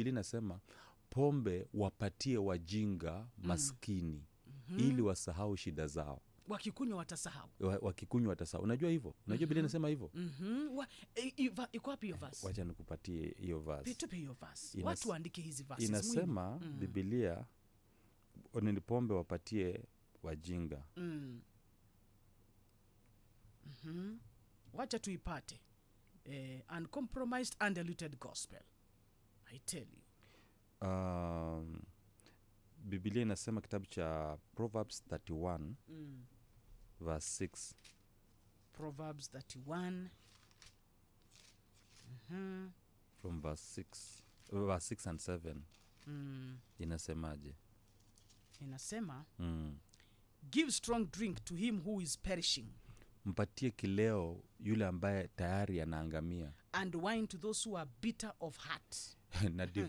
bibilia inasema pombe wapatie wajinga mm. maskini mm -hmm. ili wasahau shida zao wakikunywa watasahau wakikunywa watasahau unajua hivo unajua mm-hmm. bilia mhm. inasema mhm. nikupatie hiyo inasema mm. bibilia ni pombe wapatie wajinga mm. mm-hmm. wacha tuipate eh, gospel I tell you. Um, Biblia inasema kitabu cha Proverbs 31 mm. verse 6. Proverbs 31 uh-huh. Mm-hmm. from verse 6 verse 6 and 7 mm. inasemaje? Inasema mm. give strong drink to him who is perishing mpatie kileo yule ambaye tayari anaangamia and wine to those who are bitter of heart na